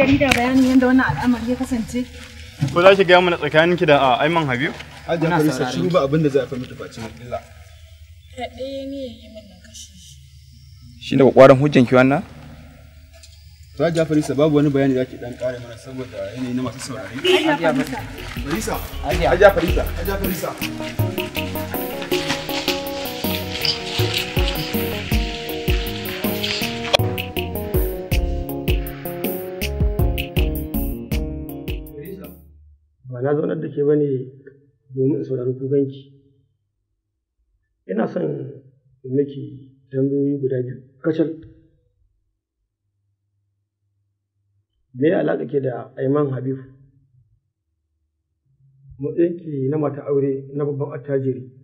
jarida bayanin yadda wannan al'amari ya kasance? Ko za ki gaya mana ki da ah, Aiman Farisa shi ba abin da zai fahimta facin illa. Kaɗe ne ya yi mana kashe shi. Shi ne ƙwaƙwaran hujjan ki wannan? a Hajji Farisa babu wani bayani da ke dan ƙare mana saboda yanayi na masu saurari. Hajji Farisa. Farisa. Farisa. ba zaunar da ke ba ne domin in saurari kuganki ina son in miki tambayoyi guda biyu kacal me ya alaƙa ke da aiman habibu matsayinki na mata aure na babban attajiri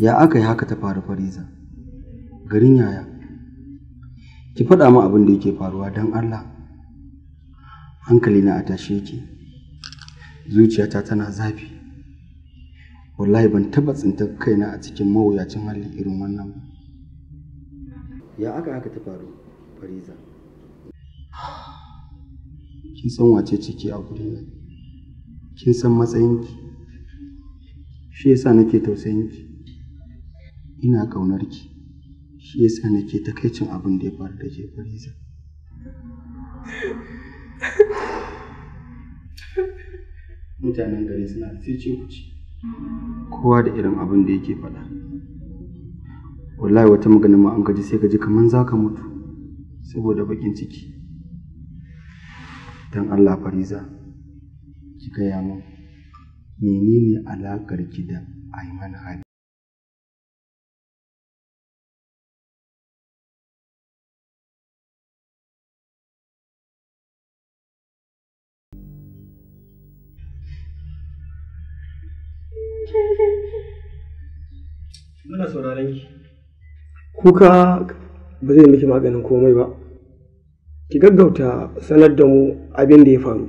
ya aka yi haka ta faru fariza garin yaya ki faɗa min abin da yake faruwa don allah hankali na a tashe yake zuciyata tana zafi wallahi ban taɓa tsinta kaina a cikin mawuyacin hali irin wannan ba ya aka haka ta faru fariza kin san wace ciki a gurina kin san matsayinki shi yasa nake tausayinki ina ƙaunar ki shi yasa nake takaicin abin da ya faru da ke fariza mutanen gari suna cece kuce kowa da irin abin da yake faɗa wallahi wata magana ma an gaji sai gaji kamar za ka mutu saboda baƙin ciki don allah fariza ki gaya min menene alaƙar ki da aiman hali Muna sauraron ki. Kuka ba zai miki maganin komai ba. Ki gaggauta sanar da mu abin da ya faru.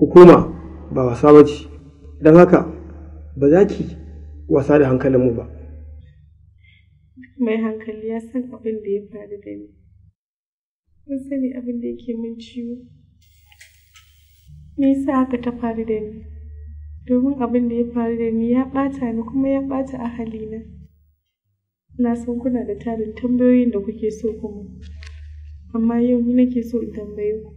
Hukuma ba wasa ba ce, don haka ba za ki wasa da hankalin mu ba. Mai hankali ya san abin da ya faru da ni. Kun sani abin da yake min ciwo. Me yasa haka ta faru da ni? domin abin da ya faru da ni ya ɓata ni kuma ya ɓata ahali Na san kuna da tarin tambayoyin da kuke so kuma, amma yau ni nake so in tambaye ku.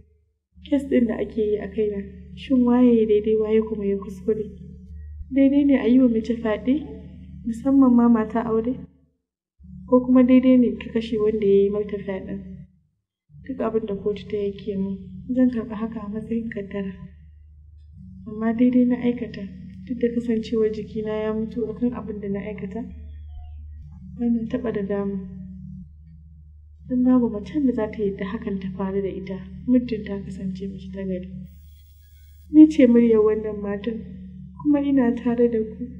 Kes ɗin da ake yi a kaina, shin waye ya daidai waye kuma ya kuskure? Daidai ne a yi wa mace fyaɗe, musamman ma mata aure? Ko kuma daidai ne ka kashe wanda ya yi mata fyaɗe? Duk abin da kotu ta yake mu zan karɓi haka a matsayin kaddara. amma daidai na aikata duk da kasancewar jikina ya mutu a kan abin da na aikata wannan taɓa da dama. don babu macen da za ta yi da hakan ta faru da ita muddin ta kasance mace ta gari ni ce muryar wannan matan kuma ina tare da ku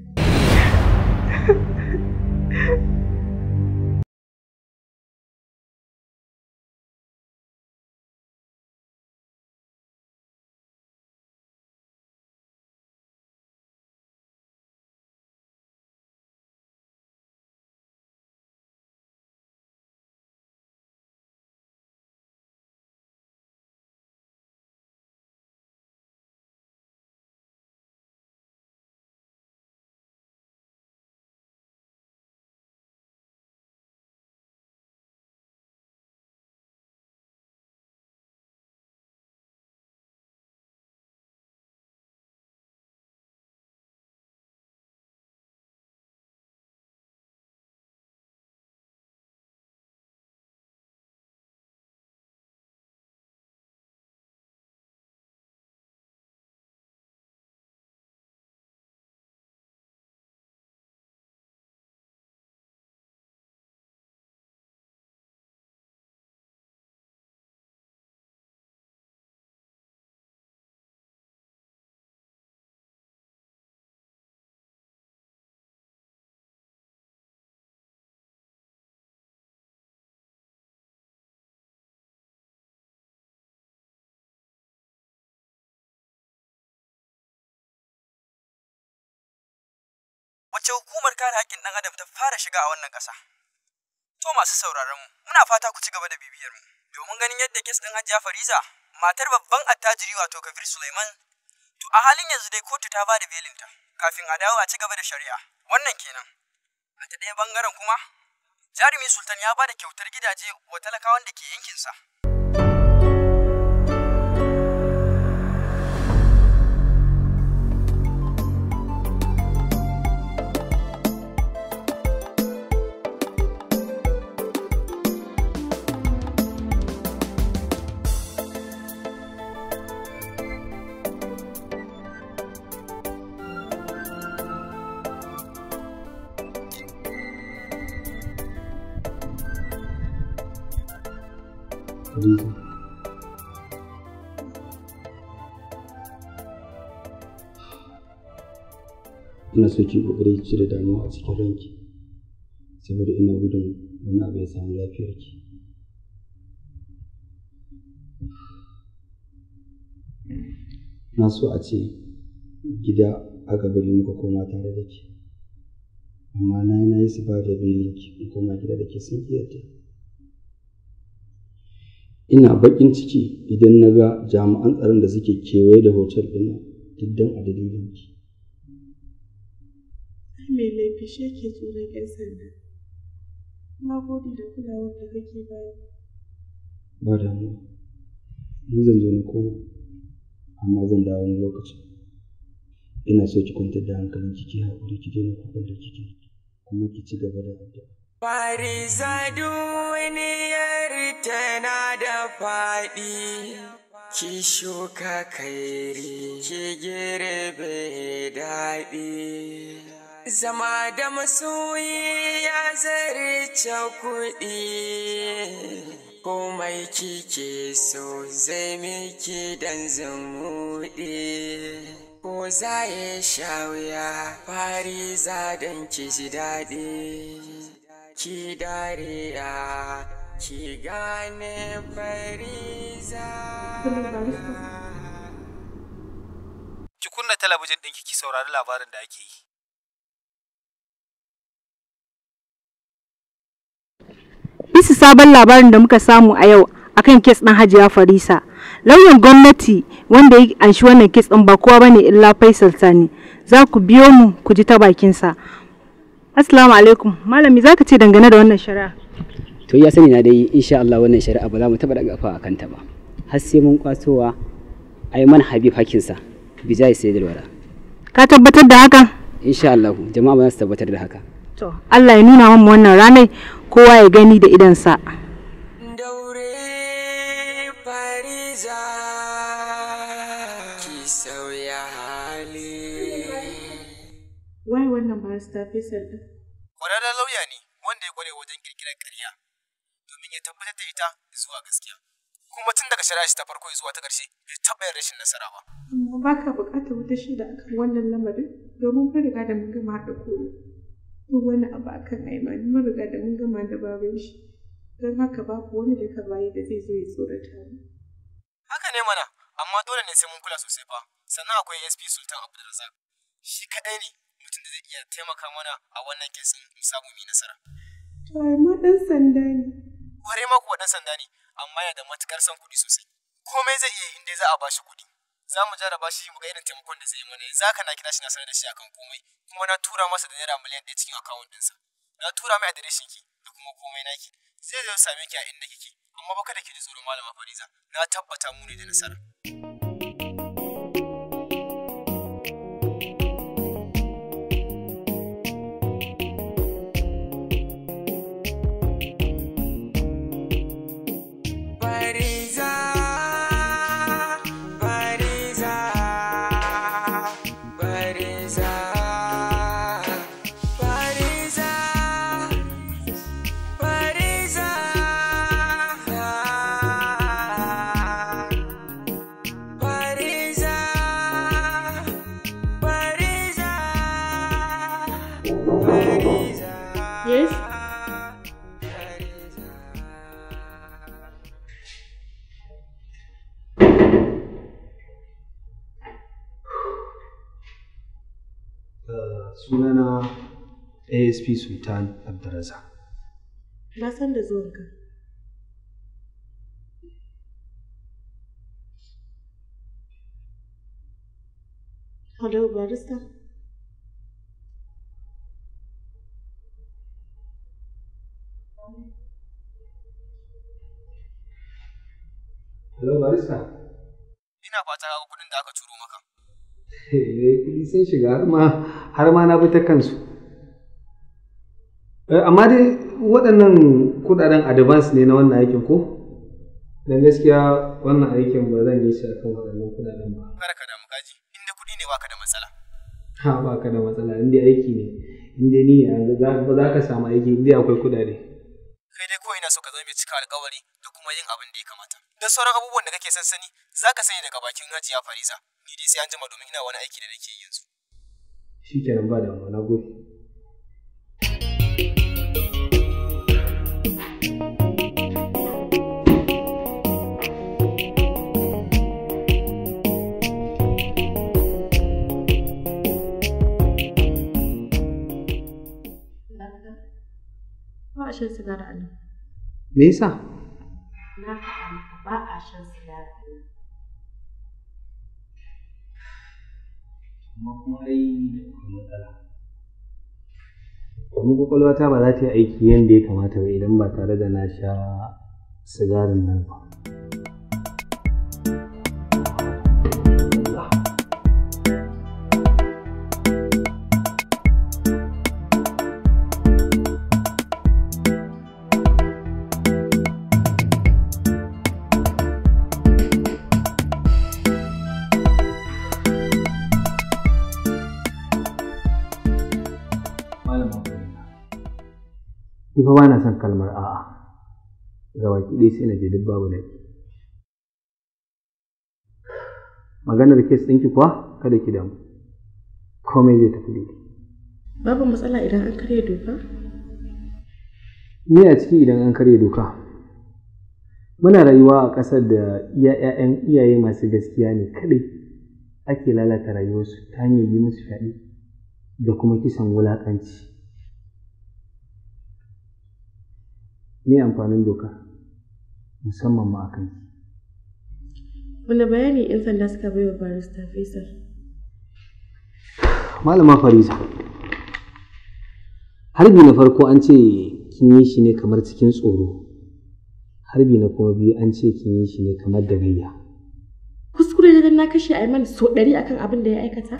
ce hukumar kare haƙƙin ɗan adam ta fara shiga a wannan ƙasa. To masu sauraron mu, muna fata ku ci gaba da bibiyar mu. Domin ganin yadda kes ɗin Hajiya Fariza, matar babban attajiri wato Kabir Suleiman, to a halin yanzu dai kotu ta ba da belinta kafin a dawo a ci gaba da shari'a. Wannan kenan. A ta ɗaya bangaren kuma, jarumi Sultan ya ba da kyautar gidaje wa talakawan da ke yankinsa. ina so ki kokari ki da damuwa a cikin ranki saboda ina gudun wani abu ya samu ki. na so a ce gida aka bari muka koma tare da ke amma na yi na yi su ba da ki in koma gida da ke sun iya ina bakin ciki idan na ga jami'an tsaron da suke kewaye da hotel ɗin duk don a ki. kai mai laifi shi ke tsoron 'yan sanda. Na gode da kulawar da kake bayar. Ba damuwa. Ni zan zo na koma, amma zan dawo wani lokaci. Ina so ki kwantar da hankalin ki haƙuri ki daina kukan da kike kuma ki ci gaba da addu'a. Farisa duniyar tana da faɗi. Ki shuka kairi, ki girbe daɗi. zama da masoyi ya zarce kuɗi komai kike so zai miki dan zumuɗi ko za ya sha fari za don ki ji daɗi ki dariya ki gane fari za ki kunna talabijin ɗinki ki saurari labarin da ake yi. bisa sabon labarin da muka samu a yau akan kes ɗin hajiya farisa lauyan gwamnati wanda ya anshi wannan kes ɗin ba kowa bane illa faisal sani za ku biyo mu ku ji ta bakinsa assalamu alaikum malami zaka ce dangane da wannan shari'a to ya sani na dai insha Allah wannan shari'a ba za mu taɓa daga a kanta ba har sai mun kwatowa Aiman Habib hakinsa bijai sai dalwara ka tabbatar da haka insha Allah jama'a ba za su tabbatar da haka to Allah ya nuna mu wannan ranar kowa ya gani da idansa daure wai wannan barista su. din kwararren lauya ne wanda ya kware wajen girgirar ƙarya domin ya tabbatar da ita zuwa gaskiya kuma tun daga shari'a ta farko zuwa ta ƙarshe bai taɓa yin rashin nasara ba. Amma ba ka buƙatar wata shida akan wannan lamarin domin mun riga da mun gama haɗa kowa. duk wani abu akan Aiman mun riga da mun gama da baban shi don haka babu wani da ka bayi da zai zo ya tsorata mu. Haka ne mana amma dole ne sai mun kula sosai fa sannan akwai SP Sultan Abdulrazak shi kadai ne mutum da zai iya taimaka mana a wannan kesin mu samu mu nasara. To ma ɗan sanda ne. Kware ma kuwa ɗan sanda ne amma yana da matuƙar son kuɗi sosai komai zai iya yin dai za a bashi kuɗi. za mu jarraba shi mu ga irin taimakon da zai mana yanzu haka na kira shi na sanar da shi akan komai kuma na tura masa da naira miliyan ɗaya cikin akawun ɗinsa na tura mai adireshin ki da kuma komai naki zai zo same ki a inda kike amma ba kada ki ji tsoron malama fariza na tabbata mu ne da nasara fi Sultan Abdurraza. Na san da zuwanka. Hello, barista. Hello, barista. Ina fata ga kudin da aka turo maka. Eh, kuɗi sun shiga har ma har ma na bi ta kansu. Eh, amma dai waɗannan kudaden advance ne na wannan aikin ko dan gaskiya wannan aikin ba zan yi shi kan waɗannan kudaden ba ka da mukaji inda kuɗi ne baka da matsala ha baka da matsala inda aiki ne inda ni ba za ka samu aiki inda akwai kudade kai dai kawai ina so ka zama mai cika alƙawari da kuma yin abin da ya kamata da sauran abubuwan da kake son sani za ka sanya daga bakin hajiya fariza ni dai sai an jima domin ina wani aiki da nake yanzu. Shi kenan ba damuwa na gode a shan sigari a nan. Me yasa? Na faɗa maka ba a shan sigari a nan. Amma kuma ai da matsala. Kuma kwakwalwata ba za ta yi aiki yadda ya kamata ba idan ba tare da na sha sigarin nan ba. ni fa bana son kalmar a'a ga baki ɗaya sai na je duk babu laifi maganar kes ɗinki kuwa kada ki damu komai zai tafi daidai babu matsala idan an karya doka ni a ciki idan an karya doka muna rayuwa a ƙasar da iyayen iyaye masu gaskiya ne kaɗai ake lalata rayuwarsu ta hanyar yi musu fyaɗe da kuma kisan wulaƙanci me amfanin doka musamman ma akan. wani bayani in sanda suka bai wa barista faisal malama farisa harbi na farko an ce kin yi shi ne kamar cikin tsoro harbi na kuma biyu an ce kin yi shi ne kamar da gayya kuskure da na kashe aiman so ɗari akan abin da ya aikata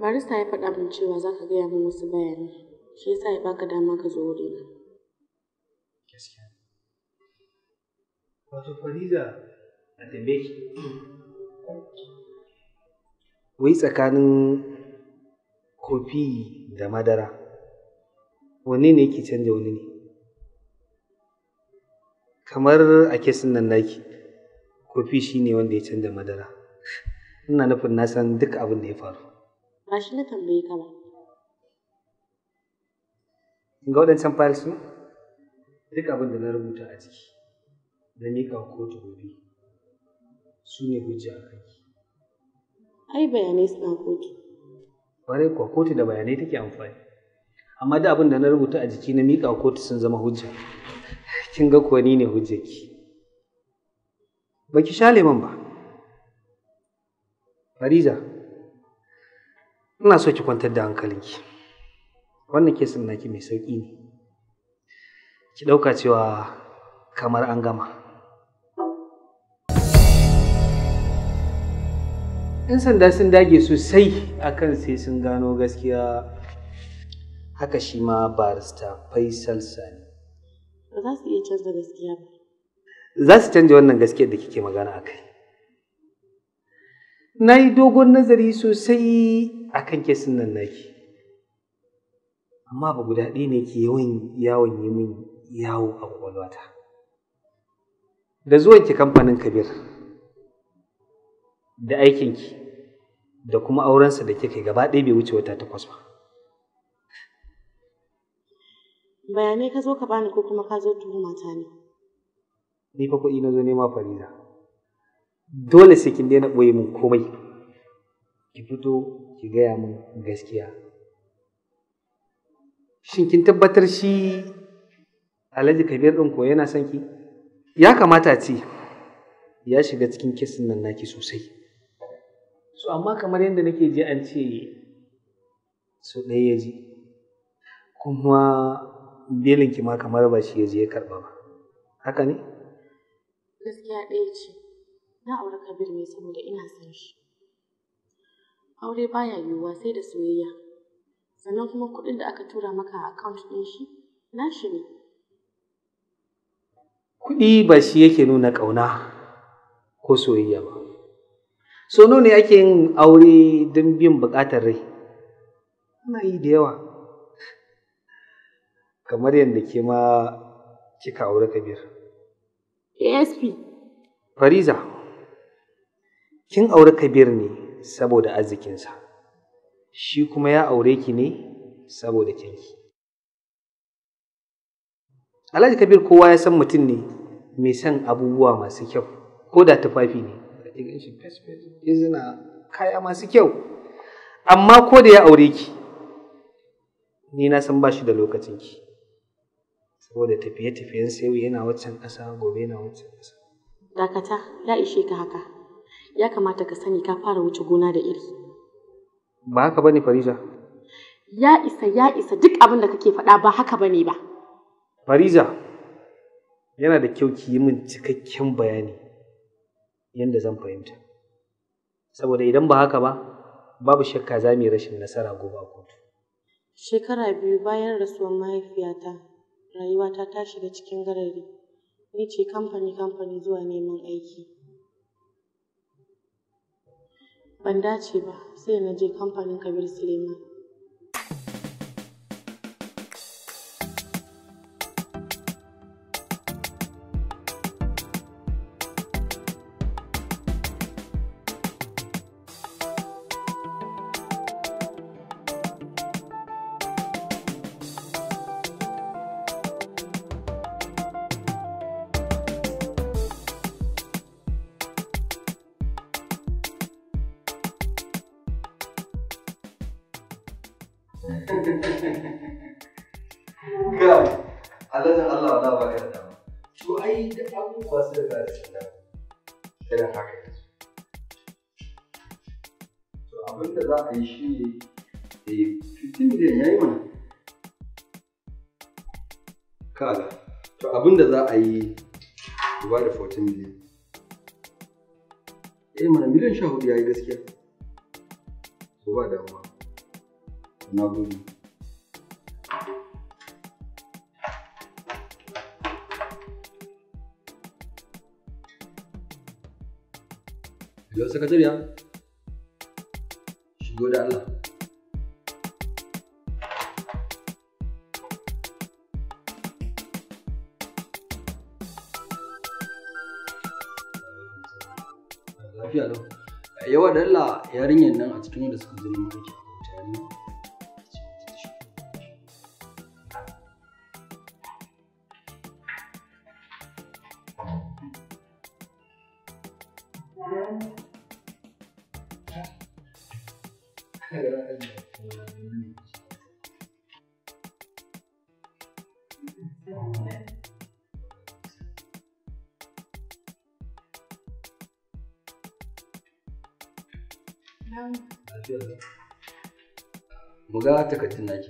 barista ya faɗa min cewa za ka gaya min wasu bayanai shi yasa ya baka dama ka zo na. gaskiya wato fariza a tambaye ki wai tsakanin kofi da madara wanne ne yake canja wani ne kamar a kesin nan naki kofi shi ne wanda ya canja madara ina nufin na san duk abin da ya faru ba shi na tambaye ka ba ga waɗancan fayil su duk abin da na rubuta a ciki na miƙa wa kotu gobe su ne hujja a kai ai bayanai suna kotu ƙwarai kuwa kotu da bayanai take amfani amma da abin da na rubuta a jiki na miƙa kotu sun zama hujja kin ga kuwa ni ne hujjaki ki sha lemon ba fariza ina so ki kwantar da hankalinki wannan kesin naki mai sauƙi ne ki ɗauka cewa kamar an gama yan sanda sun dage sosai akan sai sun gano gaskiya haka shi ma barista faisal sani ba za su iya canza gaskiya ba za su canza wannan gaskiyar da kike magana a kai na yi dogon nazari sosai akan kesin nan naki amma ba guda ɗaya ne ke yawan yawon yi min yawo a kwakwalwata da ki kamfanin kabir da aikinki da kuma aurensa da kika gaba ɗaya bai wuce wata takwas ba bayanai ka zo ka bani ko kuma ka zo ta ne ni fa kuɗi na zo nema farida dole sai kin daina ɓoye min komai ki fito ki gaya min gaskiya shin kin tabbatar shi alhaji kabir ɗin ko yana son ki ya kamata ce ya shiga cikin kesin nan naki sosai so amma kamar yadda nake ji an ce so ɗaya ya ji kuma belinki ma kamar ba shi ya je ya karɓa ba haka ne gaskiya ɗaya ce na aure kabir mai saboda ina son shi aure baya yiwuwa sai da soyayya sannan kuma kuɗin da aka tura maka a akaunt ɗin shi nashi ne kuɗi ba shi yake nuna ƙauna ko soyayya ba so ne ake yin aure don biyan buƙatar rai ana yi da yawa kamar yadda ke ma kika aure kabir asp fariza kin aure kabir ne saboda arzikinsa shi kuma ya aure ki ne saboda kyanki alhaji kabir kowa ya san mutum ne mai san abubuwa masu kyau ko da tufafi ne izina kaya masu kyau amma ko da ya aure ki ni na san ba shi da lokacinki saboda tafiye-tafiyen sai yana waccan ƙasa gobe yana waccan ƙasa dakata ya ishe ka haka ya kamata ka sani ka fara wuce gona da iri. Ba haka bane Farija. Ya isa ya isa duk abin da kake faɗa ba haka bane ba. Farija yana da kyau ki yi min cikakken bayani yadda zan fahimta. Saboda idan ba haka ba babu shakka za mu rashin nasara gobe a kotu. Shekara biyu bayan rasuwar mahaifiyata rayuwata ta shiga cikin garari. Ni ce kamfani kamfani zuwa neman aiki. ban dace ba sai na je kamfanin kabir suleiman Ga alajin Allah Allah ba ka da dama. To ai da abubuwa su da zai sanda. Kada haka To abin da za a yi shi ne da eh, miliyan ya yi mana. Kaga. To abin da za a yi ba da 14 miliyan. e mana miliyan sha hudu ya yi gaskiya. ba damuwa. na gode Hello, sakatariya. Shigo da Allah. lafiya lau yawa dalla yarinyar nan a cikin da suka zama aiki Buga takardun naki.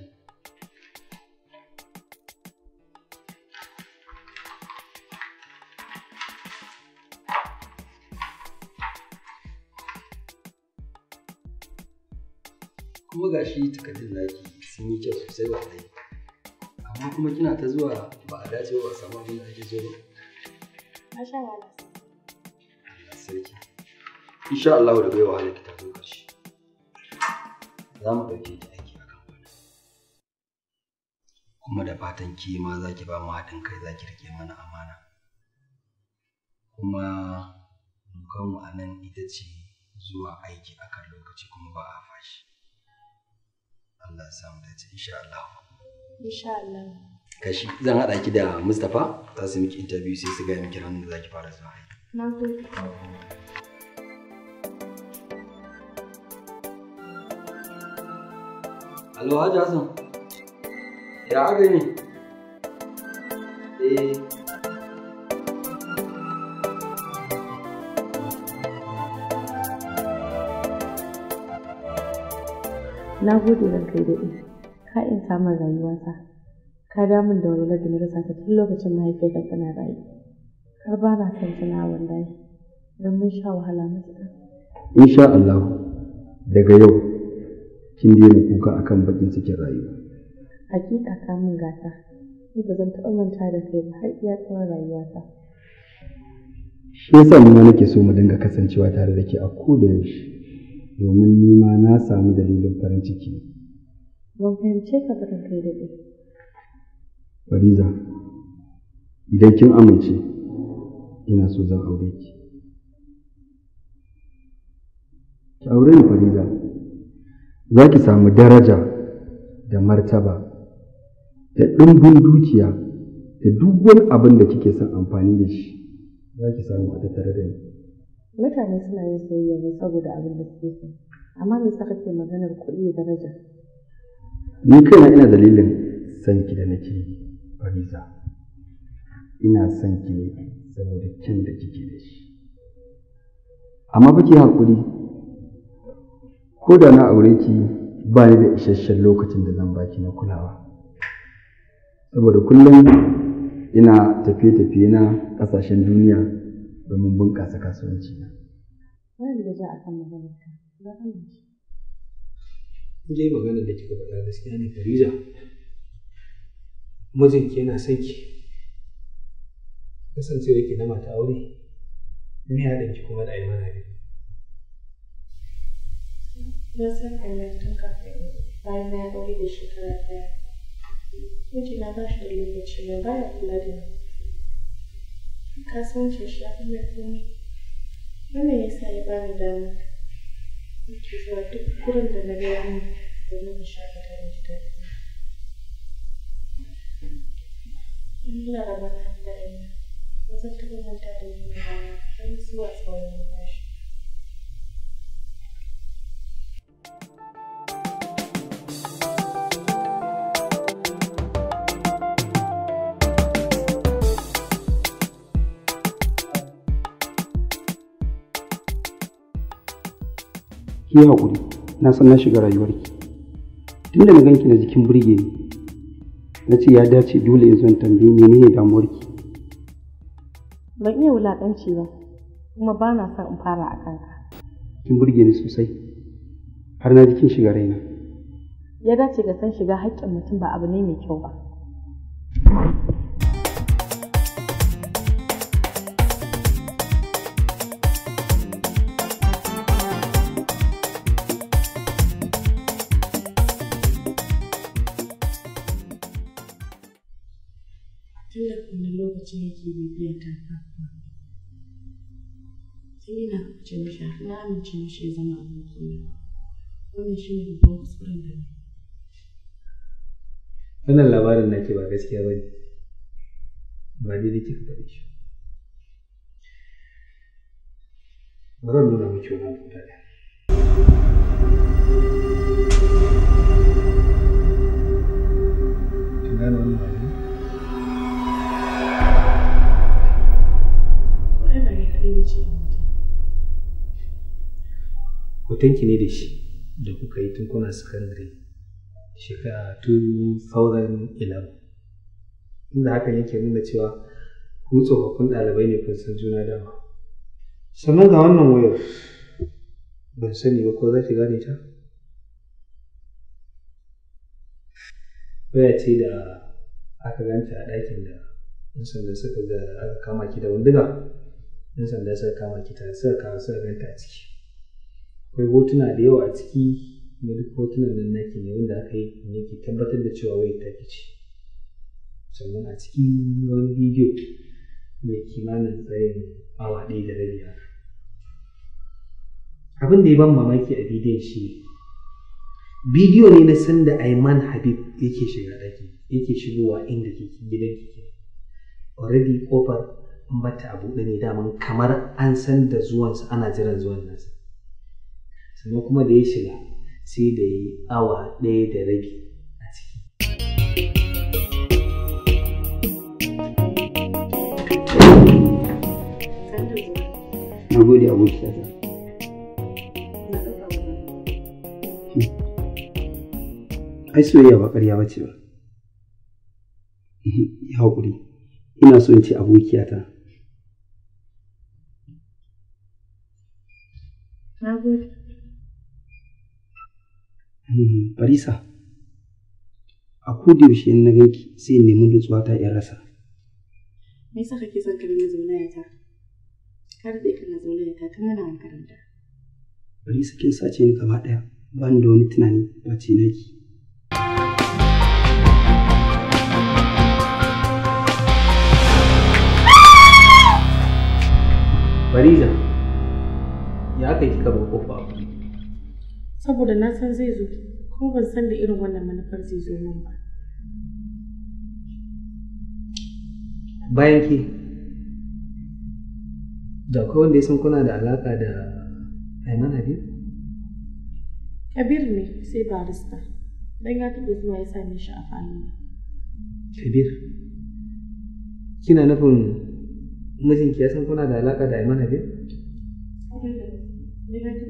Kuma ga shi takardun naki sun yi kyau sosai wallahi. amma kuma kina ta zuwa ba a dace ba a samu abin da ake so ba masha Allah sarki insha Allah da bai wahala ki ta zo karshe za mu ɗauke ki aiki a kan wani kuma da fatan ki ma za ki ba mu haɗin kai za ki rike mana amana kuma dokanmu a nan ita ce zuwa aiki akan lokaci kuma ba a fashi Allah ya samu dace insha Allah insha Allah kashi zan haɗa ki da Mustapha za su miki interview sai su gaya miki ranar da zaki fara zuwa na gode Alo Hajji Hassan ya ne eh. na gode ranka da ita ka in samun rayuwata ka damun da walwalar da na rasa ta tun lokacin mahaifiyarka tana rayu har ba na son wanda wallahi don mun sha wahala matuƙa insha Allah daga yau kin daina kuka akan bakin cikin rayuwa hakika ka min gata ni ba zan taɓa manta da kai ba har iya tsawon rayuwata shi yasa ni ma nake so mu dinga kasancewa tare da ke a koda yaushe domin ni ma na samu dalilin farin ciki Ban fahimce ka ba kai daɗe. Fariza, idan kin amince, ina so zan aure ki. Ki aure ni Fariza, za ki samu daraja da martaba da ɗumbin dukiya da duk wani abin da kike son amfani da shi za ki samu a tattare da ni. Mutane suna yin soyayya ne saboda abin da suke so, amma me sa kake maganar kuɗi da daraja? ni kaina ina dalilin sanki da nake fariza ina son ki ne saboda kyan da kike da shi amma ba hakuri ko da na aure ki ba ni da isasshen lokacin da zan baki na kulawa saboda kullum ina tafiye-tafiye na ƙasashen duniya domin bunƙasa kasuwanci na. Wani da za a kan za a dai maganar da kika faɗa gaskiya ne Khadija mijinki yana son ki kasancewa yake na mata aure me ya danki kuma da aimana ne na san aimana tun kafin bayan na aure da shekara ɗaya mijina ba shi da lokaci na baya kula da ni kasuwancin shi a kan mai komai wannan yasa ya bani dama yake sa duk gurin da na gaya min domin in shaƙata in ji daɗi ina da mana da ina ba zan taɓa manta da yin zuwa tsawon ki haƙuri na san na shiga rayuwarki tun da na ganki na jikin burge ne na ce ya dace dole in zan tambayi menene damuwarki ban iya wulaƙanci ba kuma ba na son in fara a kanka kin burge ni sosai har na jikin shiga raina ya dace ga san shiga haƙƙin mutum ba abu ne mai kyau ba tun da wannan lokacin yake bibiyar ta kafa sai ina kuce mishi har na amince mishi ya zama abokina wannan shi ne babban kuskuren da ne wannan labarin nake ba gaskiya ba ne ba daidai kika faɗi shi bari nuna muke wani guda ɗaya ce tanki ne da shi da kuka yi tun kuna secondary shekara 2011 inda hakan yake nuna cewa ku tsofaffin ɗalibai ne kun san juna dama sannan ga wannan wayar ban sani ba ko za ki gane ta Baya ce da aka ganta a ɗakin da 'yan sanda suka ga aka kama ki da bindiga yan sanda suka kama kita suka kawo suka ganta a ciki akwai hotuna da yawa a ciki na duk hotunan nan naki ne wanda aka yi ne ke tabbatar da cewa wai ke ce sannan a ciki wani bidiyo mai kimanin tsayin awa ɗaya da rabi haka abin da ya ban mamaki a bidiyon shi bidiyo ne na sanda Ayman Habib yake shiga ɗaki yake shigowa inda gidan kike already kofar in batta a buɗe ne daman kamar an san da zuwansa ana jiran zuwan nasa sannan kuma da ya shiga sai da yi awa ɗaya da rabi a ciki na gode abokiyata ai soyayya ba ƙarya ba ce ba ya haƙuri ina son ce abokiyata Na gode. Hmm, Farisa, a yaushe na ganki sai nemi nutsuwa ta in rasa. Me yasa kake son kalmar zaunayata? Ka daɗe kana zaunayata tun yana makaranta. Farisa kin sace ni gaba ɗaya, ban da wani tunani ba ce naki. Fariza. ya aka yi kika kofa saboda na san zai zo kuma ban san da irin wannan manufar zai zo min ba bayan ke da akwai wanda ya san kuna da alaka da Aiman Habib? Kabir ne sai barista don ya taɓa zuwa ya same shi a fanni. Kabir, kina nufin mijinki ya san kuna da alaka da Aiman Habib? Liberty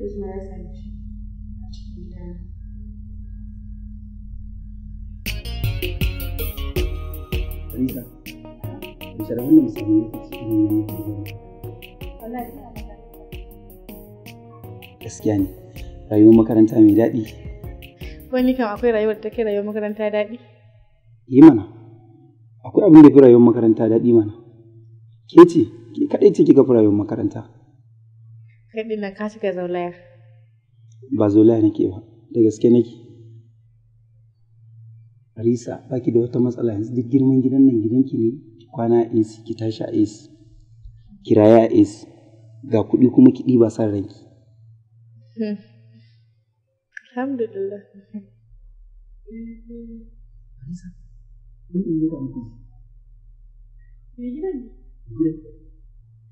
Gaskiya ne, rayuwar makaranta mai daɗi. Wani kam akwai rayuwar da take rayuwar makaranta daɗi? Yi mana, akwai abin da fi rayuwar makaranta daɗi mana. Ke ce, ke kaɗai ce kika fi rayuwar makaranta. kai din ka zaulayar ba zaulaya nake ba da gaske nake Arisa baki da wata matsala yanzu duk girman gidan nan gidanki ne kwana a AC ki tashi a AC kiraya a AC ga kuɗi kuma ki ɗiba san ranki hmm. Alhamdulillah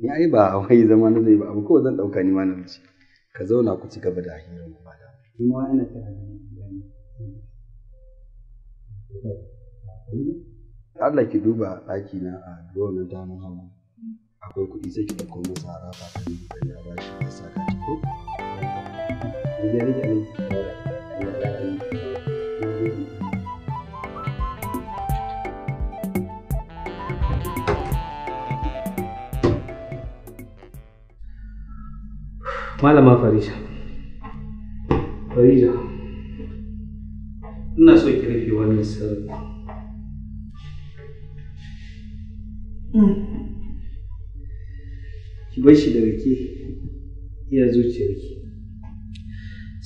ni ai ba wai zama na zai ba abu kawai zan ɗauka ni ma na wuce ka zauna ku ci gaba da hirar ku ba ni ma ina kira Allah ki duba ɗaki na a duwa na damun hawa akwai kuɗi sai ki ɗauko masa Ba ta yi da ya ba shi ya saka ki ko? Ya rage aiki. malama farija Farisha, ina so ki rufe wannan sirri ki bar shi daga ke iya zuciyarki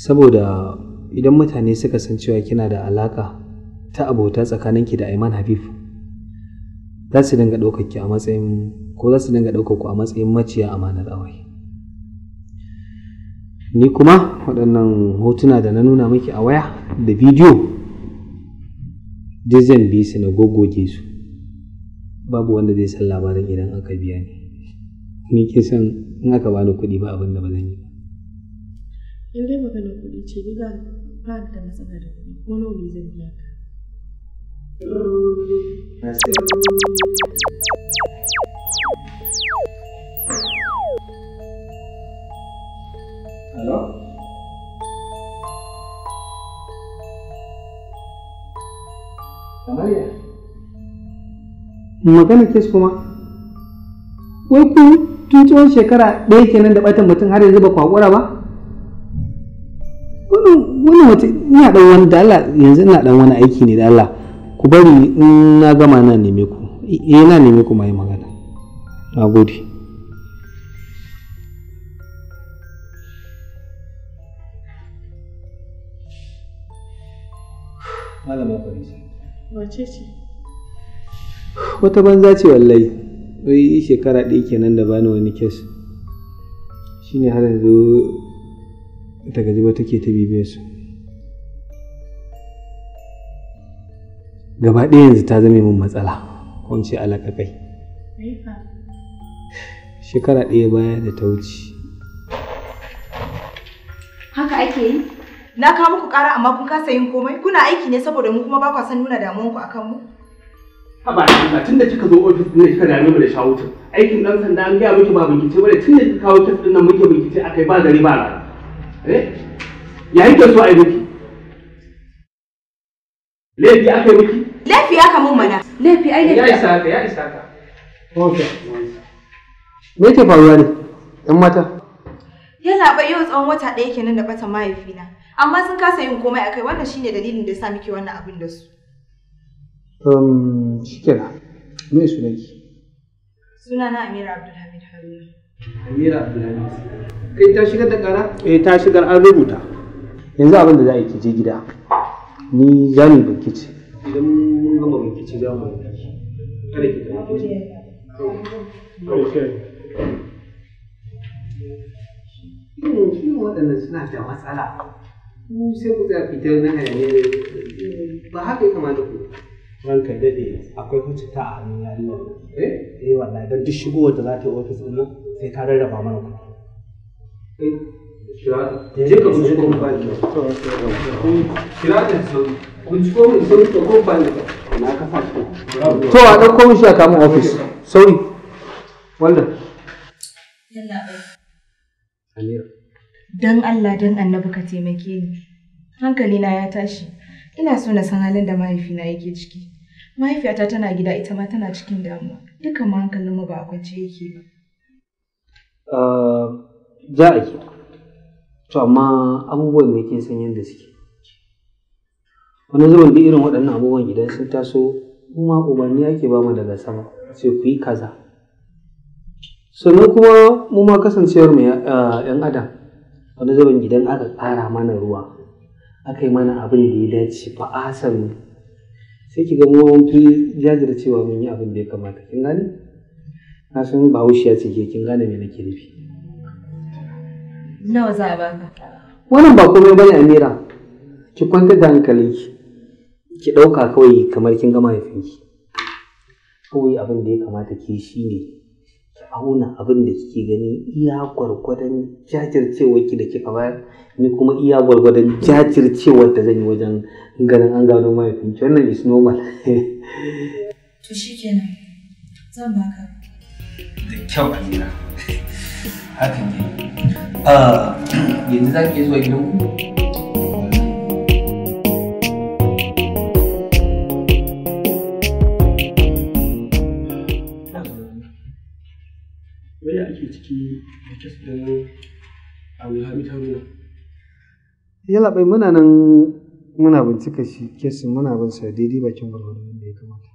saboda idan mutane suka san cewa kina da alaka ta abota tsakaninki da Aiman Habib za su dinga ɗaukar ki a matsayin ko za su dinga ɗaukar ku a matsayin maciya amanar aure ni kuma waɗannan hotuna da na nuna miki a waya da bidiyo duk zan bi su na goggoge su babu wanda zai san labarin idan aka biya ni ni ke san in aka bani kuɗi ba abin da ba zan yi in dai magana kuɗi ce ni ba da matsala da kuɗi ko nawa zan biya ka Hello? Kamariya. Magana kes kuma? Wai ku tun tsawon shekara ɗaya kenan da ɓatan mutum har yanzu ba ku haƙura ba? Wani wata ina ɗan wani da Allah yanzu ina ɗan wani aiki ne da Allah ku bari in na gama na neme ku. Eh na neme ku ma yi magana. Na gode. wata banza ce wallai wai shekara ɗaya kenan da bani wani kes shine har yanzu ta gaji ba take ta bibiyar su gaba ɗaya yanzu ta zame min matsala ko ce ce kai. shekara ɗaya baya da ta wuce haka ake yi Na kawo muku ƙara amma kun kasa yin komai? Kuna aiki ne saboda mu kuma ba kwa san nuna damuwanku akan mu? Haba Halima tunda kika zo ofis ne kika dame mu da shawutu. Aikin dan sanda an gaya miki ba bincike bane tunda kika kawo kes din nan muke bincike akai ba gari ba rana. Eh? Ya yake so a yi miki? Laifi aka yi miki? Laifi aka mun mana. Laifi ai laifi. Ya isa ka, ya isa ka. Okay. Me yake faruwa ne? ‘Yan mata? Yana bai yau tsawon wata ɗaya kenan da bata mahaifina. amma sun kasa yin komai akai wannan shine dalilin da yasa muke wannan abin da su um shikenan me su ki suna na Amira Abdulhamid Haruna Amira Abdulhamid kai ta shigar da kara eh ta shigar an rubuta yanzu abin da za a yi ki je gida ni jami bankici idan mun gama bankici za mu yi kada ki tafi irin waɗannan suna da matsala ku sai fitar na hayaniya ba haka ya kamata ku ranka dade akwai hujja ta a hannun yarinyar eh eh wallahi dan duk shigowar da za ta yi ofis din sai ka rarraba mana ku eh, eh je ka eh, binciko eh, kira ko to a kamun ofis wanda yalla bai amira don Allah don annabi ka taimake ni hankali na ya tashi ina so na san halin da mahaifina yake ciki mahaifiyata tana gida ita ma tana cikin damuwa dukkan hankalin mu ba a kwance yake ba ah, za a ke to amma abubuwan da ke san yadda suke wani zaman da irin waɗannan abubuwan idan sun taso kuma umarni ake ba mu daga sama sai ku yi kaza sannan kuma mu ma kasancewar mu ah, 'yan adam wani zuban gidan aka ƙara mana ruwa aka yi mana abin da ya dace ba a san sai ki ga mu mun fi jajircewa mun yi abin da ya kamata kin gane na san ba ya ce ke kin gane me nake nufi nawa za a baka wannan ba komai bane amira ki kwanta da hankali. ki ɗauka kawai kamar kin gama ki kawai abin da ya kamata ki shi ne auna abin da kike gani iya gwargwadon jajircewar ki da kika bayar ni kuma iya gwargwadon jajircewar da zan yi wajen ganin an gano mahaifinki wannan is normal to shi kenan, zan baka da kyau Amira haka ne ah, yanzu za ki zuwa gidanku ciki da kes ɗin Abdulhamid Haruna. Yala bai muna nan muna bincika shi kesin muna bin sa daidai bakin gwargwadon da ya kamata.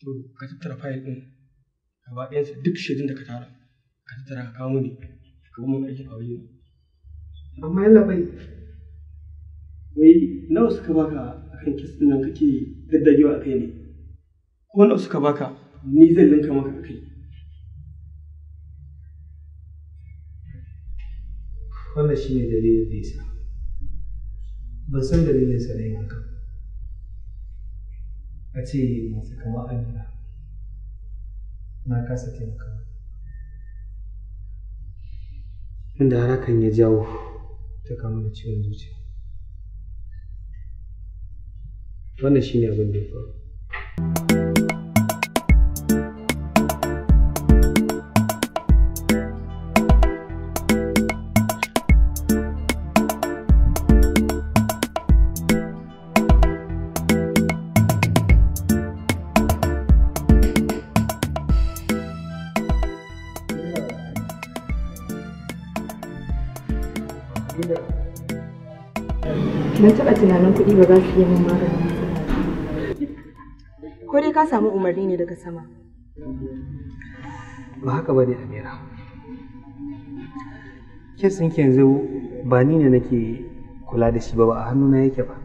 To ka tattara fayil ɗin ka ba ɗayansa duk shirin da ka tara ka tattara ka kawo mini ka kuma aikin a wajen. Amma yalla bai wai nawa suka baka a kan ɗin nan kake daddagewa a kai ne? Ko nawa suka baka ni zan ninka maka a kai? wannan ne dalilin da yasa ban san dalilin sa ne haka a ce masu kama amina na kasa taimaka inda harakan ya jawo ta kama da ciwon zuciya wannan ne abin da ya faru kuɗi ba za su yi min maganin ko dai ka samu umarni ne daga sama ba haka ba ne amira kesin ke yanzu ba ni ne nake kula da shi ba ba a hannuna yake ba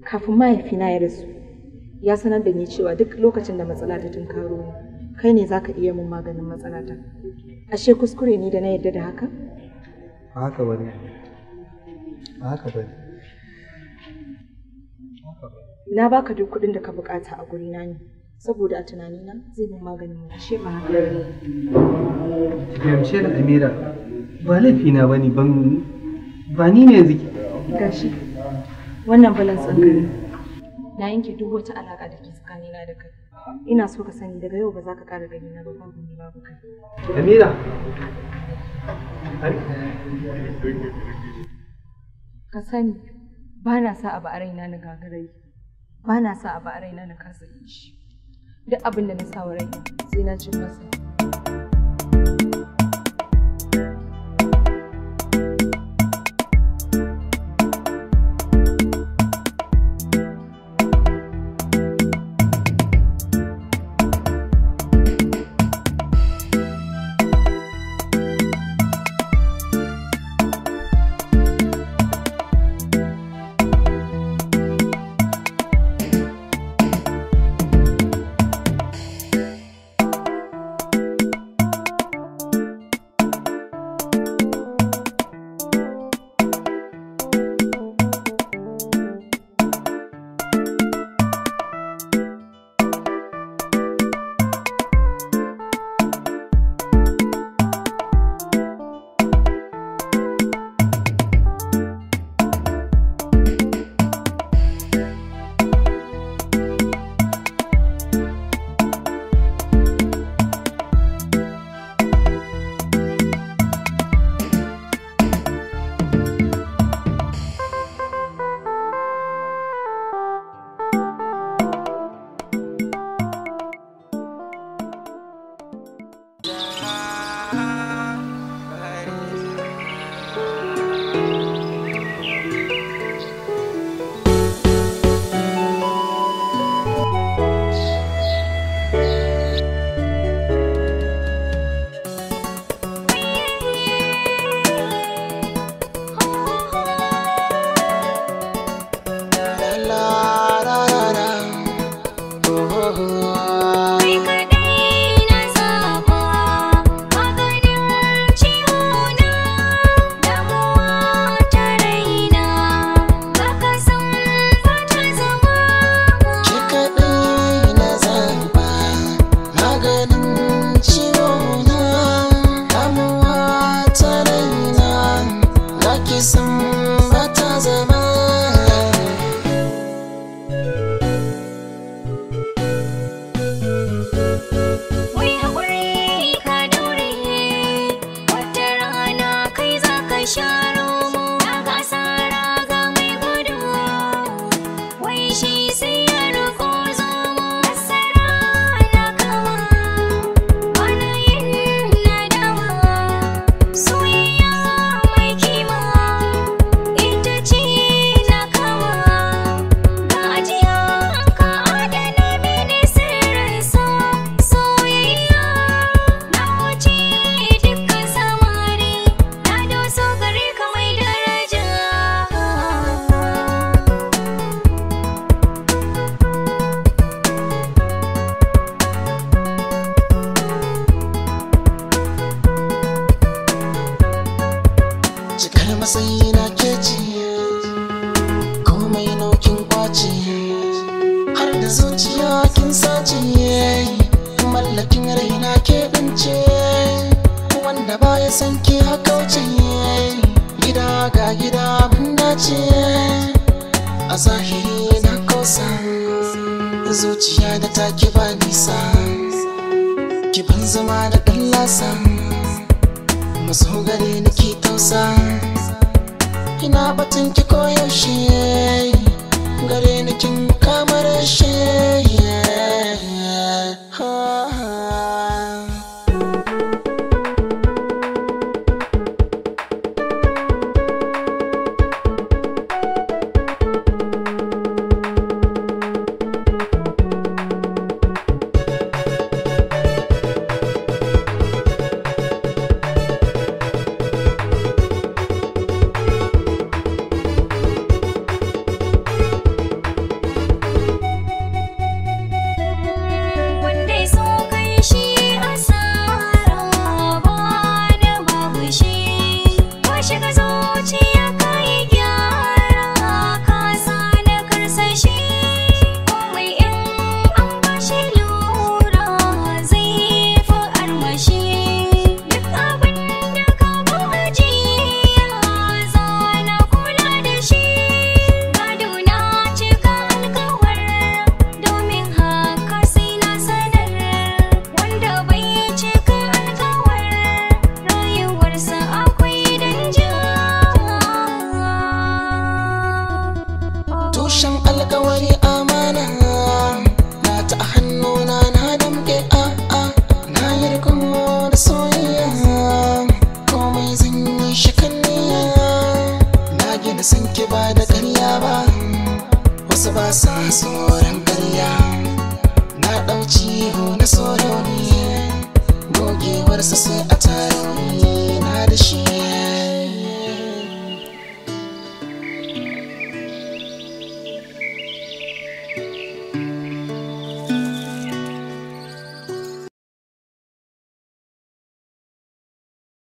kafin mahaifina ya rasu ya sanar da ni cewa duk lokacin da matsala ta tunkaro ni kai ne za ka iya mun maganin matsala ta, ashe kuskure ni da na yadda da haka ba haka ba ne ba haka ba ne Na baka duk kuɗin da ka bukata a gurina ne. Saboda a na zai min maganin mu ashe ba haka. Yamshe da Amira ba laifi na bane ban ba ni ne yanzu gashi wannan balance ɗin na yanke duk wata alaƙa da ke tsakanina da kai. Ina so ka sani daga yau ba za ka ƙara gani na ba babu ni ba kai. Amira ka sani ba na sa abu a raina na gagarai ba na sa abu a raina na kasa yi shi duk abin da na sa wa raina sai na cin masa shine.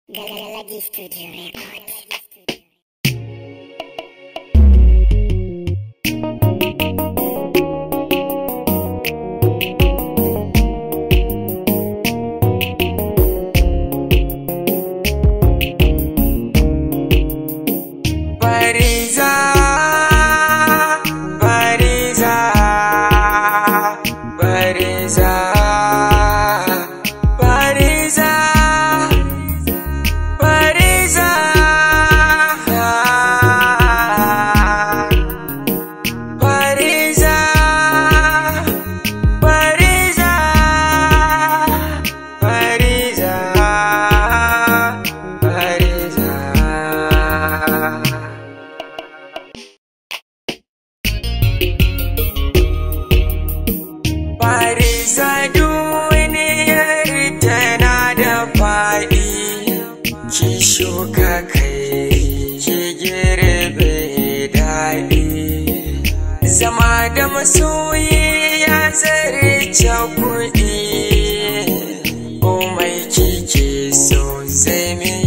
Gagalagi Studio Records. ciki sosai ne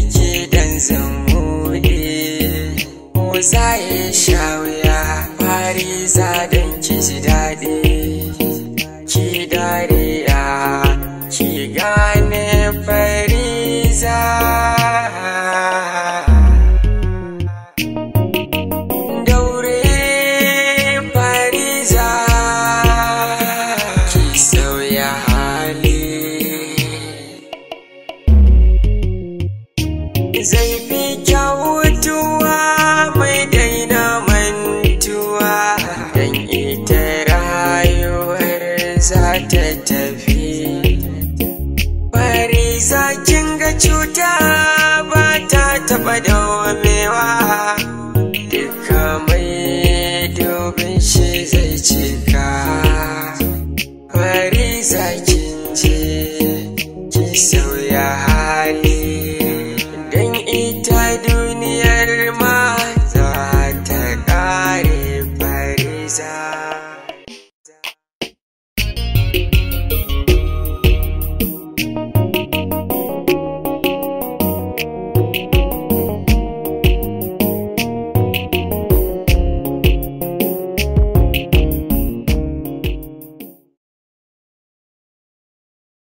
my door